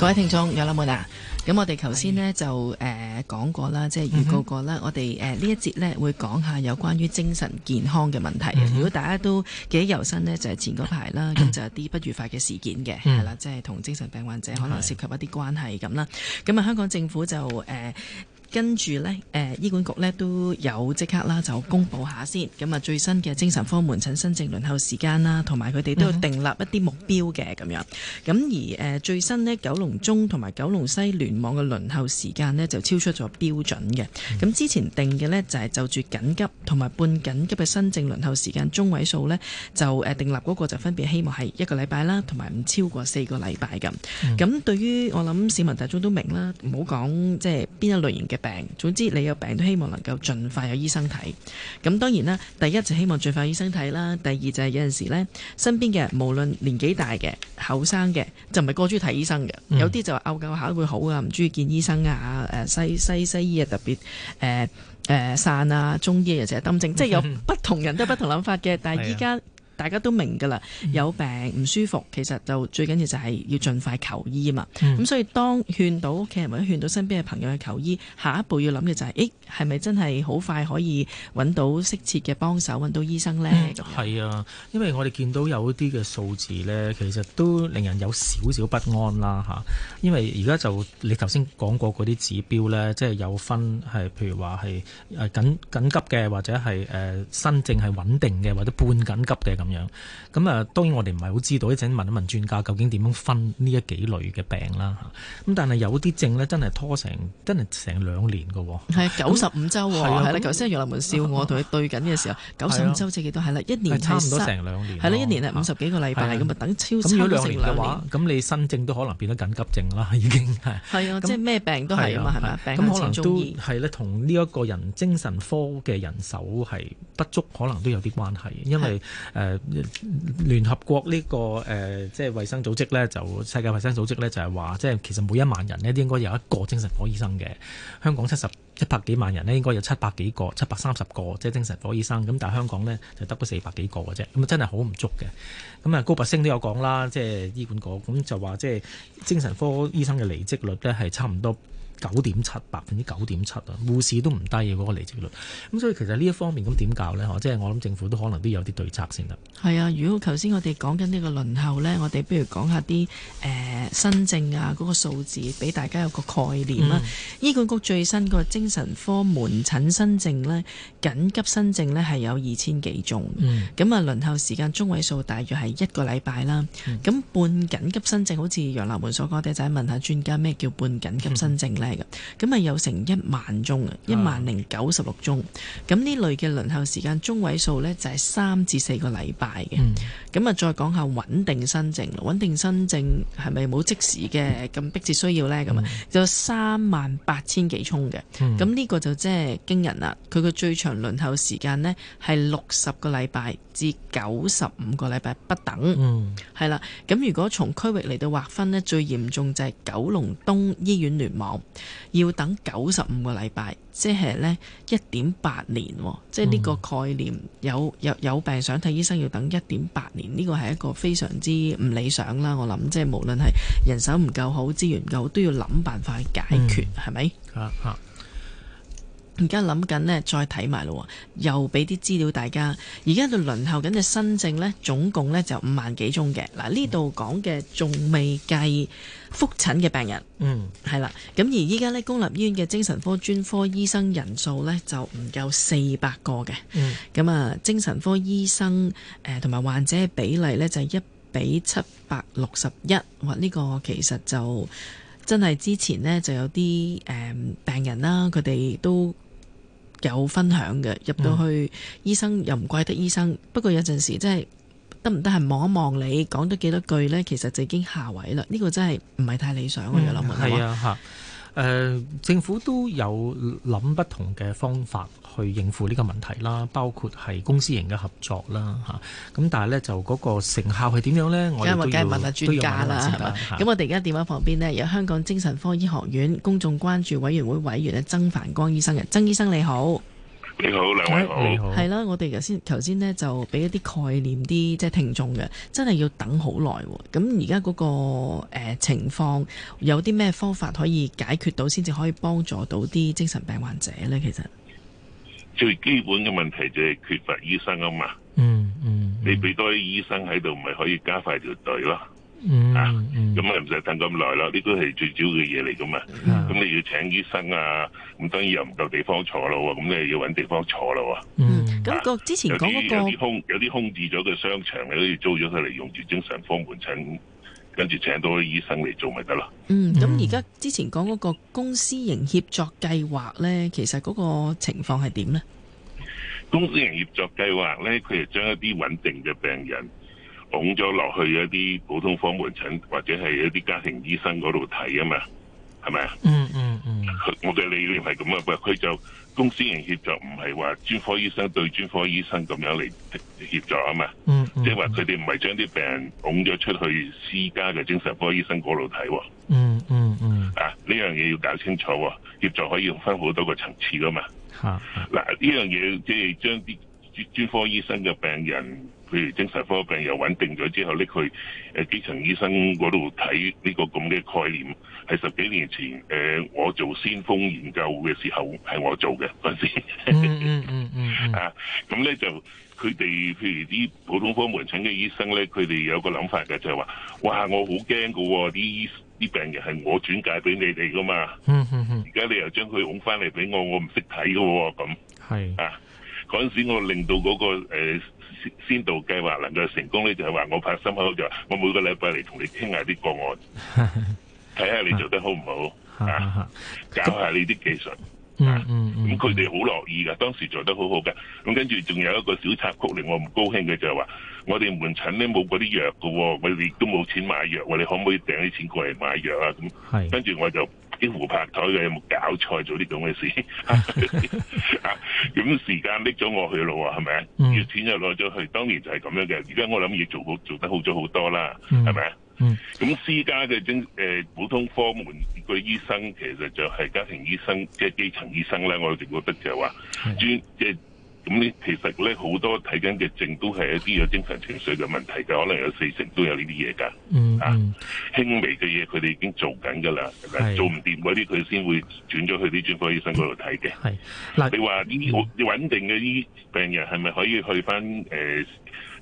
各位聽眾，有冇啦？咁我哋頭先呢就誒、呃、講過啦，即係預告過啦。我哋誒呢一節呢會講下有關於精神健康嘅問題，嗯。如果大家都記憶猶新呢，就係、是、前嗰排啦，咁、嗯、就有啲不愉快嘅事件嘅，係、嗯、啦，即係同精神病患者可能涉及一啲關係咁啦。咁、嗯、啊，香港政府就誒。呃跟住呢，誒、呃、醫管局呢都有即刻啦，就公布下先。咁啊，最新嘅精神科門診新症輪候時間啦，同埋佢哋都要定立一啲目標嘅咁樣。咁而誒、呃、最新呢，九龍中同埋九龍西聯網嘅輪候時間呢，就超出咗標準嘅。咁之前定嘅呢，就係、是、就住緊急同埋半緊急嘅新症輪候時間中位數呢，就誒、呃、定立嗰個就分別希望係一個禮拜啦，同埋唔超過四個禮拜咁。咁對於我諗市民大眾都明啦，唔好講即係邊一類型嘅。病，總之你有病都希望能夠盡快有醫生睇。咁當然啦，第一就希望盡快有醫生睇啦。第二就係有陣時咧，身邊嘅人無論年紀大嘅、後生嘅，就唔係過中意睇醫生嘅、嗯。有啲就話拗拗下會好啊，唔中意見醫生啊。誒西西西醫啊特別誒誒、呃呃、散啊，中醫又成日針症。即、嗯、係、就是、有不同人都不同諗法嘅。 但係依家。嗯。大家都明㗎啦，有病唔舒服，其實就最緊要就係要盡快求醫吖嘛。咁、嗯、所以當勸到屋企人或者勸到身邊嘅朋友去求醫，下一步要諗嘅就係，誒係咪真係好快可以揾到適切嘅幫手，揾到醫生呢？係、嗯、啊，因為我哋見到有啲嘅數字呢，其實都令人有少少不安啦嚇。因為而家就你頭先講過嗰啲指標呢，即、就、係、是、有分係譬如話係緊緊急嘅，或者係誒新症係穩定嘅，或者半緊急嘅咁。咁樣，咁啊，當然我哋唔係好知道，一陣問一問專家究竟點樣分呢一幾類嘅病啦。咁但係有啲症咧，真係拖成真係成兩年噶喎。係九十五周喎，係啦。頭先楊林文笑我同佢對緊嘅時候，九十五周即係幾多？係啦、啊，一年、啊、差唔多成兩年。係啦、啊，一年係五十幾個禮拜，咁啊等超差成兩年。咁如果兩年嘅話，咁你新症都可能變得緊急症啦，已經係。係啊，啊，啊，即係咩病都係啊嘛，係咪、啊？咁、啊啊啊啊、可能都係咧，同呢一個人精神科嘅人手係不足，可能都有啲關係、啊，因為誒。呃聯合國呢、這個誒、呃，即係衛生組織咧，就世界衛生組織咧，就係、是、話，即係其實每一萬人呢，都應該有一個精神科醫生嘅。香港七十一百幾萬人呢，應該有七百幾個、七百三十個即係精神科醫生，咁但係香港呢，就得嗰四百幾個嘅啫，咁啊真係好唔足嘅。咁啊高拔陞都有講啦，即係醫管局咁就話，即係精神科醫生嘅離職率咧係差唔多。九點七，百分之九點七啊！護士都唔低嘅嗰、那個離職率，咁所以其實呢一方面咁點搞呢？嚇，即係我諗政府都可能都有啲對策先得。係啊，如果頭先我哋講緊呢個輪候呢，我哋不如講下啲誒新症啊嗰、那個數字，俾大家有個概念啦、嗯。醫管局最新個精神科門診新症呢，緊急新症呢係有二千幾宗，咁、嗯、啊輪候時間中位數大約係一個禮拜啦。咁、嗯、半緊急新症好似楊立門所講，我哋就問一下專家咩叫半緊急新症呢？嗯。係咁啊有成一萬宗啊，一萬零九十六宗。咁呢、yeah. 類嘅輪候時間中位數呢，就係、是、三至四個禮拜嘅。咁啊，再講下穩定新症，穩定新症係咪冇即時嘅咁迫切需要呢？咁、mm. 啊，就三萬八千幾宗嘅。咁呢個就真係驚人啦。佢個最長輪候時間呢，係六十個禮拜至九十五個禮拜不等。係、mm. 啦，咁如果從區域嚟到劃分呢，最嚴重就係九龍東醫院聯網。要等九十五個禮拜，即係呢一點八年，即係呢個概念，嗯、有有有病想睇醫生要等一點八年，呢個係一個非常之唔理想啦。我諗即係無論係人手唔夠好、資源唔夠好都要諗辦法去解決，係、嗯、咪？啊啊！而家諗緊呢，再睇埋咯，又俾啲資料大家。而家到輪候緊嘅新症呢，總共呢就五萬幾宗嘅。嗱，呢度講嘅仲未計覆診嘅病人。嗯，係啦。咁而依家呢，公立醫院嘅精神科專科醫生人數呢，就唔夠四百個嘅。嗯。咁啊，精神科醫生誒同埋患者嘅比例呢，就係一比七百六十一。哇！呢個其實就真係之前呢，就有啲誒病人啦，佢哋都。有分享嘅入到去，醫生又唔怪得醫生、嗯。不過有陣時即係得唔得閒望一望你，講咗幾多句呢，其實就已經下位啦。呢、呢個真係唔係太理想嘅龍門係誒、呃、政府都有諗不同嘅方法去應付呢個問題啦，包括係公私營嘅合作啦，咁、啊、但係呢，就嗰個成效係點樣呢？我哋陣間問下專家啦，咁我哋而家電話旁邊呢，有香港精神科醫學院公眾關注委員會委員啊，曾繁光醫生嘅，曾醫生你好。你好，兩位好。係、啊、啦、啊，我哋頭先頭先咧，就俾一啲概念啲即係聽眾嘅，真係要等好耐。咁而家嗰個誒、呃、情況有啲咩方法可以解決到，先至可以幫助到啲精神病患者呢？其實最基本嘅問題就係缺乏醫生啊嘛。嗯嗯，嗯，你俾多啲醫生喺度，咪可以加快條隊咯。嗯，咁、嗯、啊唔使等咁耐啦，呢啲係最主要嘅嘢嚟噶嘛。咁、嗯、你要請醫生啊，咁當然又唔夠地方坐咯，咁你又要揾地方坐咯。嗯、咁、那個之前講嗰、那個、啊、有啲空有啲空置咗嘅商場，你都要租咗佢嚟用住精神科門診，跟住請到啲醫生嚟做咪得啦。嗯，咁而家之前講嗰個公私營協作計劃咧，其實嗰個情況係點咧？公私營協作計劃咧，佢係將一啲穩定嘅病人。拱咗落去一啲普通科門診或者係一啲家庭醫生嗰度睇啊嘛，係咪啊？嗯嗯嗯，佢我嘅理念係咁啊，佢就公私營協作唔係話專科醫生對專科醫生咁樣嚟協助啊嘛。嗯，即係話佢哋唔係將啲病人拱咗出去私家嘅精神科醫生嗰度睇。嗯嗯嗯。啊，呢樣嘢要搞清楚、啊，協助可以分好多個層次噶、啊、嘛。吓，嗱、啊、呢、啊、樣嘢即係將啲專專科醫生嘅病人。譬如精神科病又穩定咗之後，呢佢誒基層醫生嗰度睇呢個咁嘅概念，係十幾年前誒、呃、我做先鋒研究嘅時候係我做嘅嗰陣時。嗯嗯，嗯，嗯， 嗯，嗯，嗯啊，咁咧就佢哋譬如啲普通科門診嘅醫生咧，佢哋有個諗法嘅，就係、是、話：哇，我好驚㗎喎！啲啲病人係我轉介俾你哋㗎嘛。而、嗯、家、嗯嗯、你又將佢捧翻嚟俾我，我唔識睇㗎喎咁。啊，嗰時我令到嗰、那個、呃先導計劃能夠成功咧，就係話我拍心口就話，我每個禮拜嚟同你傾下啲個案，睇 下你做得好唔好 啊，搞下你啲技術 啊。咁佢哋好樂意噶，當時做得好好噶。咁跟住仲有一個小插曲令我唔高興嘅就係話，我哋門診咧冇嗰啲藥噶，我哋都冇錢買藥。我你可唔可以掟啲錢過嚟買藥啊？咁，跟住我就。幾乎拍台嘅，有冇搞錯做啲咁嘅事？咁 時間搦咗我去咯，係咪啊？要錢就攞咗去，當年就係咁樣嘅。而家我諗要做好做得好咗好多啦，係咪啊？咁、嗯嗯、私家嘅精誒普通科門個醫生，其實就係家庭醫生即係、就係、基層醫生咧，我哋覺得就係話專即係。咁、嗯、咧，其實咧好多睇緊嘅症都係一啲有精神情緒嘅問題嘅，可能有四成都有呢啲嘢噶，啊、嗯、輕微嘅嘢佢哋已經做緊噶啦，做唔掂嗰啲佢先會轉咗去啲專科醫生嗰度睇嘅。係，你話啲好穩定嘅啲病人係咪可以去翻誒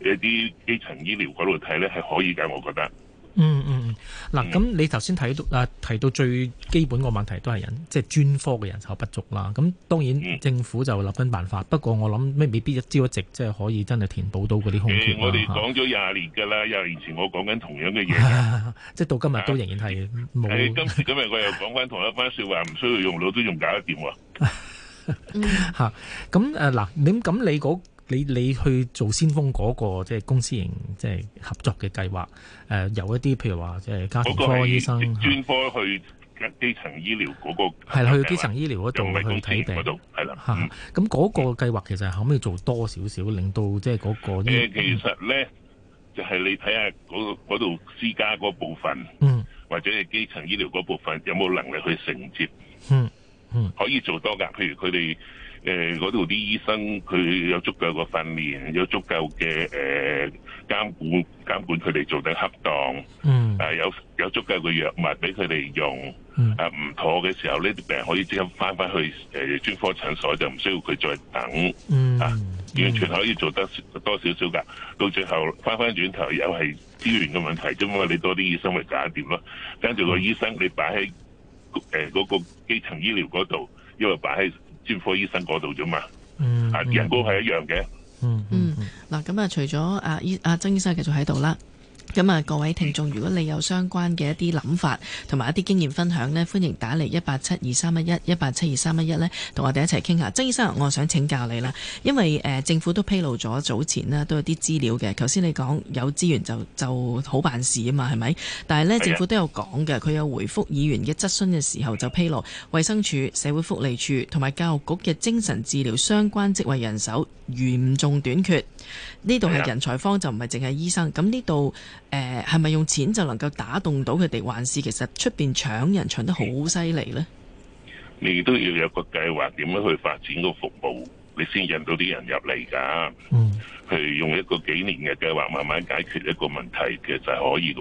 一啲基層醫療嗰度睇咧？係可以㗎，我覺得。嗯嗯嗯，嗱、嗯，咁你頭先提到啊、嗯，提到最基本個問題都係人，即係專科嘅人手不足啦。咁當然政府就立緊辦法，嗯，不過我諗咩未必一朝一夕即係可以真係填補到嗰啲空缺、欸。我哋講咗廿年㗎啦，廿、啊、年前我講緊同樣嘅嘢， 即係到今日都仍然係冇、欸。今日今我又講翻同一班說話，唔 需要用腦都用搞得掂喎。咁誒嗱， 啊、你咁你嗰？你你去做先鋒嗰個即係公私營即係合作嘅計劃，誒、呃、有一啲譬如話即係家庭科醫生專科去基層醫療嗰個係啦，去基層醫療嗰度去睇病，係啦嚇。咁嗰、嗯、個計劃其實可唔可以做多少少、嗯，令到即係嗰個誒、呃、其實咧就係、是、你睇下嗰度、那個、私家嗰部分，嗯、或者係基層醫療嗰部分有冇能力去承接？嗯嗯，可以做多㗎。譬如佢哋。誒嗰度啲醫生佢有足夠嘅訓練，有足夠嘅誒、呃、監管，監管佢哋做得恰當。嗯，啊、呃、有有足夠嘅藥物俾佢哋用。嗯、啊唔妥嘅時候，呢、這、啲、個、病可以即刻翻返去誒、呃、專科診所，就唔需要佢再等。嗯，啊完全可以做得少多少少㗎。到最後翻返轉頭又係資源嘅問題啫嘛。你多啲醫生咪搞掂咯。跟住個醫生你擺喺嗰個基層醫療嗰度，因為擺喺。專科醫生嗰度啫嘛，啊，人工係一樣嘅。嗯嗯，嗱，咁啊，除咗阿醫阿曾醫生繼續喺度啦。咁啊，各位聽眾，如果你有相關嘅一啲諗法同埋一啲經驗分享咧，歡迎打嚟一八七二三一一一八七二三一一咧，同我哋一齊傾下。曾醫生，我想請教你啦，因為誒、呃、政府都披露咗早前啦，都有啲資料嘅。頭先你講有資源就就好辦事啊嘛，係咪？但係咧，政府都有講嘅，佢有回覆議員嘅質詢嘅時候就披露，衛生署、社會福利署同埋教育局嘅精神治療相關職位人手嚴重短缺。呢度係人才方就唔係淨係醫生，咁呢度誒係咪用錢就能夠打動到佢哋，還是其實出邊搶人搶得好犀利呢？你都要有個計劃，點樣去發展個服務，你先引到啲人入嚟噶。嗯，係用一個幾年嘅計劃，慢慢解決一個問題，其實係可以噶，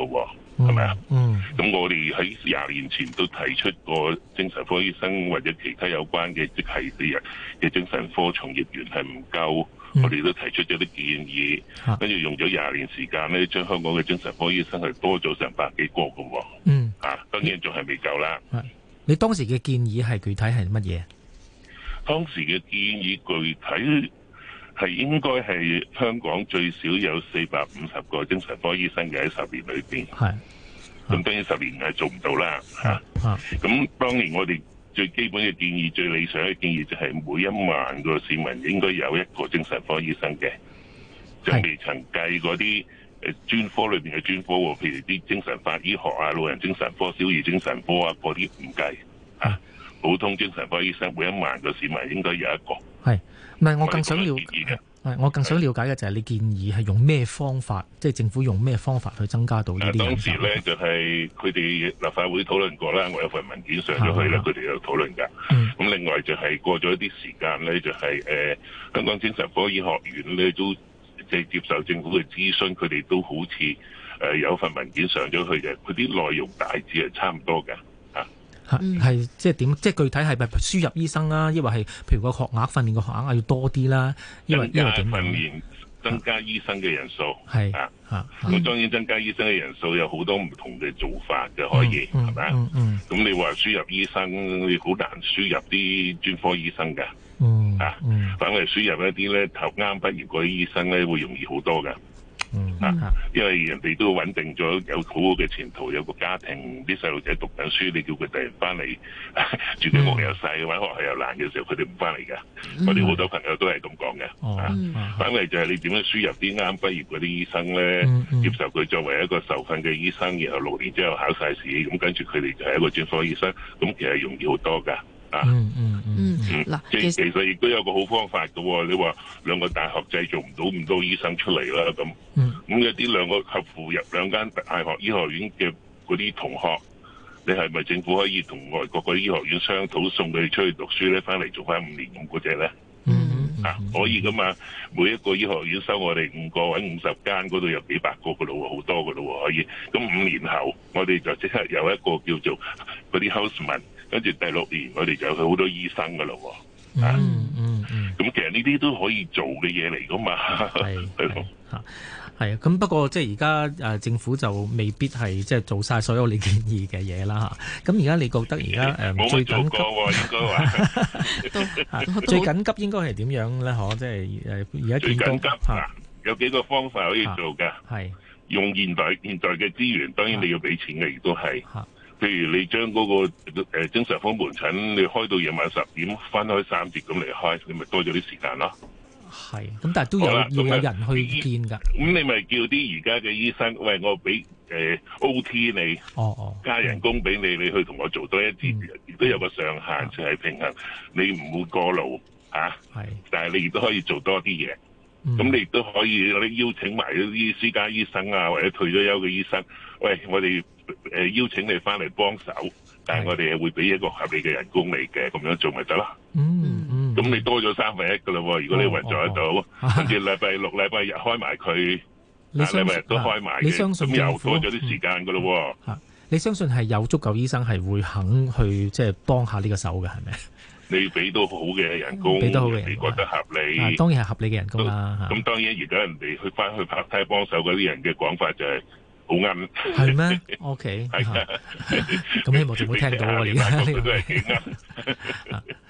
係咪啊？嗯，咁、嗯、我哋喺廿年前都提出過精神科醫生或者其他有關嘅即係啲人嘅精神科從業員係唔夠。嗯、我哋都提出咗啲建議，跟住用咗廿年時間咧，將香港嘅精神科醫生係多咗成百幾個嘅喎。嗯，嚇、啊，當然仲係未夠啦。你當時嘅建議係具體係乜嘢？當時嘅建議具體係應該係香港最少有四百五十個精神科醫生嘅，喺十年裏邊。係，咁當然十年係做唔到啦。嚇，咁、啊、當年我哋。最基本嘅建議，最理想嘅建議就係每一萬個市民應該有一個精神科醫生嘅。就未曾計嗰啲誒專科裏邊嘅專科喎，譬如啲精神法醫學啊、老人精神科、小兒精神科啊嗰啲唔計啊。普通精神科醫生每一萬個市民應該有一個。係，唔係我更想要。我更想了解嘅就係你建議係用咩方法，即、就、係、是、政府用咩方法去增加到呢啲人才。當時咧就係佢哋立法會討論過啦，我有份文件上咗去啦，佢哋有討論噶。咁、嗯、另外就係過咗一啲時間咧，就係、是、誒香港精神科醫學院咧都即係接受政府嘅諮詢，佢哋都好似誒有一份文件上咗去嘅，佢啲內容大致係差唔多嘅。係即係點？即係具體係咪輸入醫生啦、啊？抑或係譬如個學額訓練個學額啊，要多啲啦？因為因為點訓練增加醫生嘅人數係啊啊！咁、啊、當然增加醫生嘅人數有好多唔同嘅做法嘅，可以係咪、嗯吧嗯？嗯咁、嗯、你話輸入醫生，你好難輸入啲專科醫生噶，嗯啊，嗯反為輸入一啲咧，頭啱畢業嗰啲醫生咧，會容易好多噶。嗯啊、因為人哋都穩定咗，有好好嘅前途，有個家庭，啲細路仔讀緊書，你叫佢突然翻嚟，啊、住啲屋又細，搵，嗯、學校又難嘅時候，佢哋唔翻嚟㗎。我哋好多朋友都係咁講嘅。啊，嗯、反而就係你點樣輸入啲啱畢業嗰啲醫生咧、嗯嗯，接受佢作為一個受訓嘅醫生，然後六年之後考晒試，咁跟住佢哋就係一個專科醫生，咁其實容易好多噶。啊嗯嗯嗯嗱，即其實亦都有個好方法噶喎，你話兩個大學制做唔到咁多醫生出嚟啦，咁咁有啲兩個合乎入兩間大學醫學院嘅嗰啲同學，你係咪政府可以同外國嗰啲醫學院商討送佢哋出去讀書咧，翻嚟做翻五年咁嗰隻咧？嗯啊可以噶嘛，每一個醫學院收我哋五個位，五十間，嗰度有幾百個噶咯，好多噶咯可以。咁五年後我哋就即刻有一個叫做嗰啲 houseman。跟住第六年，我哋就有好多醫生噶啦，咁、嗯啊嗯嗯、其實呢啲都可以做嘅嘢嚟噶嘛。係，係啊，係啊。咁不過即係而家誒，政府就未必係即係做晒所有你建議嘅嘢啦吓。咁而家你覺得而家誒最緊急應該話最緊急應該係點樣咧？可即係誒而家最緊急有幾個方法可以做嘅？係、啊、用現代現在嘅資源，當然你要俾錢嘅，亦都係。啊譬如你將嗰、那個誒精神科門診，你開到夜晚十點分開三節咁嚟開，你咪多咗啲時間咯。係，咁但係都有、哦、有人去見噶。咁你咪叫啲而家嘅醫生，喂，我俾誒、呃、O T 你。哦，哦加人工俾你、嗯，你去同我做多一啲，亦、嗯、都有個上限，就係、是、平衡，你唔會過路勞吓。係、啊。但係你亦都可以做多啲嘢，咁、嗯、你亦都可以你啲邀請埋啲私家醫生啊，或者退咗休嘅醫生，喂，我哋。誒、呃，邀請你翻嚟幫手，但係我哋係會俾一個合理嘅人工你嘅，咁樣做咪得咯。嗯、咁、嗯、你多咗三分一噶啦，如果你運作得到，跟住禮拜六、禮 拜日開埋佢，你、啊、禮拜日都開埋你相信又多咗啲時間噶咯。吓、啊，你相信係、嗯嗯嗯啊、有足夠醫生係會肯去即係幫下呢個手嘅，係咪？ 你俾到好嘅人工，俾到好嘅人工，你覺得合理？啊、當然係合理嘅人工啦。咁、啊啊、當然而家幫忙幫忙的人哋去翻去拍梯幫手嗰啲人嘅講法就係、是。好啱，係咩？O K，咁希望仲冇聽到我而家呢個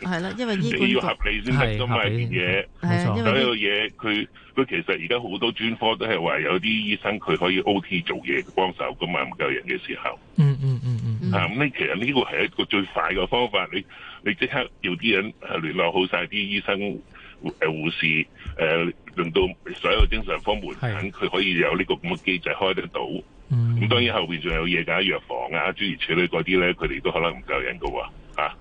係啦，因為醫管你要合理先得噶嘛，啲 嘢。所有嘢佢佢其實而家好多專科都係話有啲醫生佢可以 O T 做嘢幫手噶嘛，唔夠人嘅時候。嗯嗯嗯嗯。咁、嗯，呢、嗯嗯、其實呢個係一個最快嘅方法。你你即刻叫啲人聯絡好晒啲醫生誒護士，誒、呃，令到所有精神科門診佢可以有呢個咁嘅機制開得到。咁、嗯、當然後面仲有夜間藥房啊、諸如此類嗰啲咧，佢哋都可能唔夠人㗎喎。嚇、啊，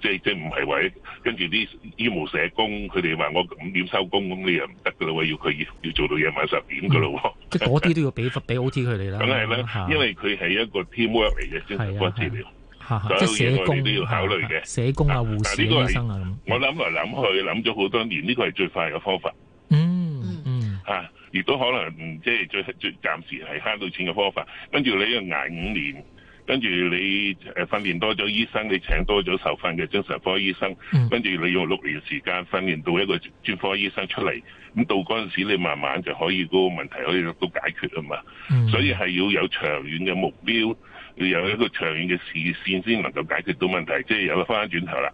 即即唔係話，跟住啲醫務社工，佢哋話我五點收工，咁你又唔得㗎咯喎，要佢要做到夜晚十點㗎咯喎。嗯、 即嗰啲都要俾俾 OT 佢哋啦。梗係啦，因為佢係一個 team work 嚟嘅精神、啊、科治療。吓，即係社工都要考慮嘅，社、啊、工啊，護士、啊嗯、我諗嚟諗去，諗咗好多年，呢個係最快嘅方法。嗯嗯吓，亦、啊、都可能即係最最暫時係慳到錢嘅方法。跟住你又挨五年，跟住你誒訓練多咗醫生，你請多咗受訓嘅精神科醫生，嗯、跟住你用六年時間訓練到一個專科醫生出嚟。咁到嗰陣時，你慢慢就可以個問題可以都解決啊嘛、嗯。所以係要有長遠嘅目標。要有一個長遠嘅視線先能夠解決到問題，即係有得翻轉頭啦。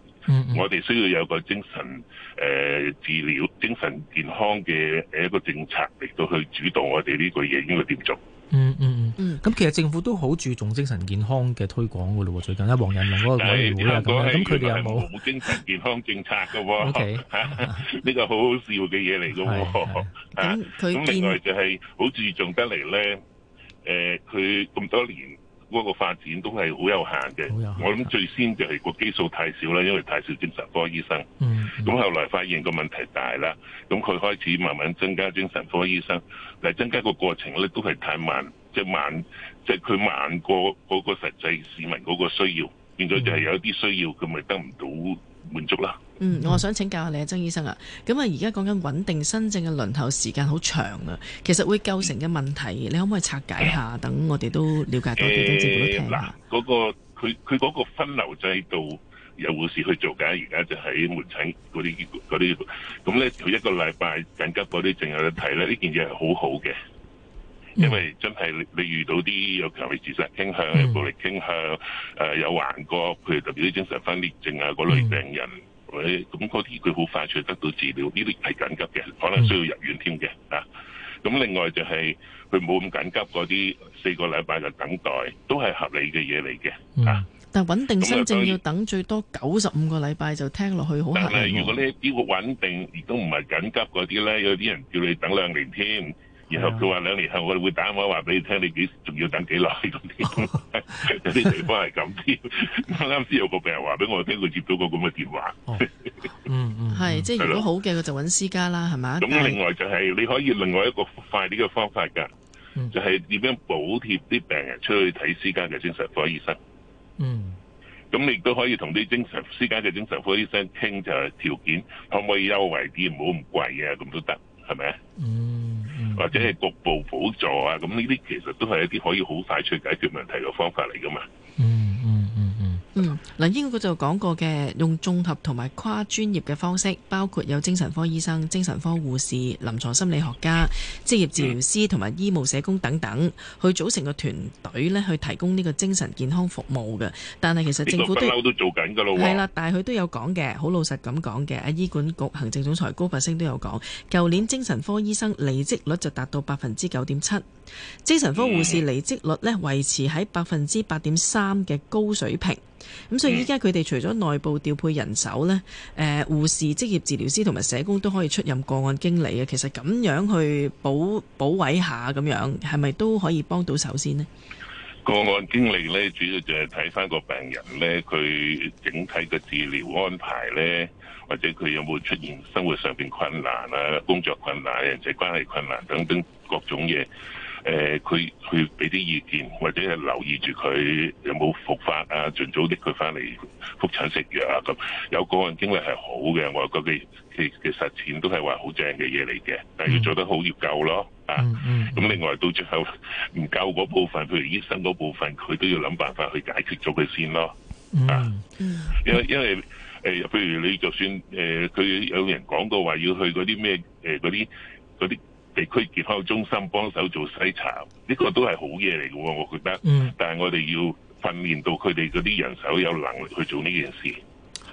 我哋需要有個精神誒、呃、治療、精神健康嘅誒一個政策嚟到去主導我哋呢個嘢應該點做？嗯嗯嗯咁其實政府都好注重精神健康嘅推廣㗎咯。最近阿黃仁龍嗰個佢哋都係冇精神健康政策㗎喎。呢個好好笑嘅嘢嚟㗎喎。咁佢咁另外就係好注重得嚟咧，誒、呃，佢咁多年。嗰、那個發展都係好有限嘅，我諗最先就係個基數太少啦，因為太少精神科醫生。咁、嗯嗯、後來發現個問題大啦，咁佢開始慢慢增加精神科醫生，但係增加個過程咧都係太慢，即、就、係、是、慢，即係佢慢過嗰個實際市民嗰個需要，變咗就係有啲需要佢咪得唔到滿足啦。嗯，我想請教下你啊、嗯，曾醫生啊，咁啊而家講緊穩定新症嘅輪候時間好長啊，其實會構成嘅問題，你可唔可以拆解一下？等、嗯、我哋都了解多啲都至好聽啊。嗱、呃，嗰、那個佢佢嗰個分流制度有護士去做㗎，而家就喺門診嗰啲嗰啲，咁咧佢一個禮拜緊急嗰啲症有得睇咧，呢件嘢係好好嘅、嗯，因為真係你遇到啲有強烈自殺傾向、有暴力傾向、誒、嗯呃、有幻覺，譬如特別啲精神分裂症啊嗰類病人。嗯喂，咁嗰啲佢好快脆得到治療，呢啲係緊急嘅，可能需要入院添嘅啊。咁另外就係佢冇咁緊急嗰啲，四個禮拜就等待，都係合理嘅嘢嚟嘅啊。但穩定新症要等最多九十五個禮拜就聽落去好合理。但係如果你啲穩定亦都唔係緊急嗰啲咧，有啲人叫你等兩年添。然後佢話兩年後我哋會打電話話俾你聽，你幾仲要等幾耐？咁啲有啲地方係咁啲。啱啱先有個病人話俾我聽，佢接到個咁嘅電話，哦。嗯嗯，係 即係如果好嘅，佢就揾私家啦，係咪？咁另外就係你可以另外一個快啲嘅方法噶，嗯，就係點樣補貼啲病人出去睇私家嘅精神科醫生。嗯。咁你亦都可以同啲精神私家嘅精神科醫生傾，就係條件可唔可以優惠啲，唔好咁貴啊，咁都得係咪啊？嗯。或者係局部補助啊，咁呢啲其實都係一啲可以好快脆解決問題嘅方法嚟㗎嘛。嗯，林英嗰就講過嘅用綜合同埋跨專業嘅方式，包括有精神科醫生、精神科護士、臨床心理學家、職業治療師同埋醫務社工等等，去組成個團隊呢去提供呢個精神健康服務嘅。但係其實政府都、這個、都做緊嘅咯，係啦，但係佢都有講嘅，好老實咁講嘅。醫管局行政總裁高拔陞都有講，舊年精神科醫生離職率就達到百分之九點七，精神科護士離職率呢維持喺百分之八點三嘅高水平。咁所以依家佢哋除咗內部調配人手咧，誒、嗯、護士、職業治療師同埋社工都可以出任個案經理啊。其實咁樣去補補位下咁樣，係咪都可以幫到手先咧？個案經理咧，主要就係睇翻個病人咧，佢整體嘅治療安排咧，或者佢有冇出現生活上邊困難啊、工作困難，人際關係困難等等各種嘢。誒佢佢俾啲意見，或者係留意住佢有冇復發啊，盡早搦佢翻嚟覆診食藥啊咁。有個案經歷係好嘅，外國嘅嘅嘅實踐都係話好正嘅嘢嚟嘅，但係要做得好要夠咯、嗯、啊。咁、嗯嗯嗯嗯嗯嗯、另外到最後唔夠嗰部分，譬如醫生嗰部分，佢都要諗辦法去解決咗佢先咯、啊嗯。嗯，因為因為誒，譬如你就算誒，佢、呃、有人講過話要去嗰啲咩誒啲啲。呃地區健康中心幫手做篩查，呢、呢個都係好嘢嚟嘅，我覺得。 但係我哋要訓練到佢哋嗰啲人手有能力去做呢件事。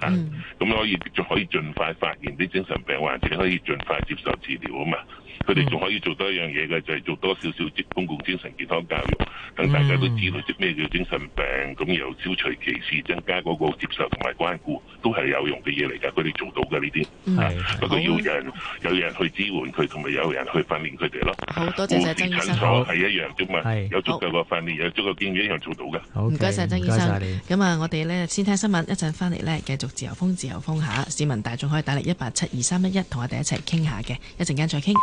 咁、嗯嗯、可以仲可以盡快發現啲精神病患者，可以盡快接受治療啊嘛。佢哋仲可以做多一樣嘢嘅，就係、是、做多少少公共精神健康教育，等大家都知道啲咩叫精神病，咁又消除歧視，增加嗰個接受同埋關顧，都係有用嘅嘢嚟噶。佢哋做到嘅呢啲，不過要人、啊、有人去支援佢，同埋有人去訓練佢哋咯。好多謝謝曾醫生。好，係一樣啫嘛，有足夠嘅訓，訓練，有足夠經驗一樣做到嘅。好、okay，唔該晒，曾醫生。唔該晒你。咁啊，我哋咧先聽新聞，一陣翻嚟咧繼續。自由風自由風下，市民大眾可以打嚟一八七二三一一，同我哋一齊傾下嘅，一陣間再傾。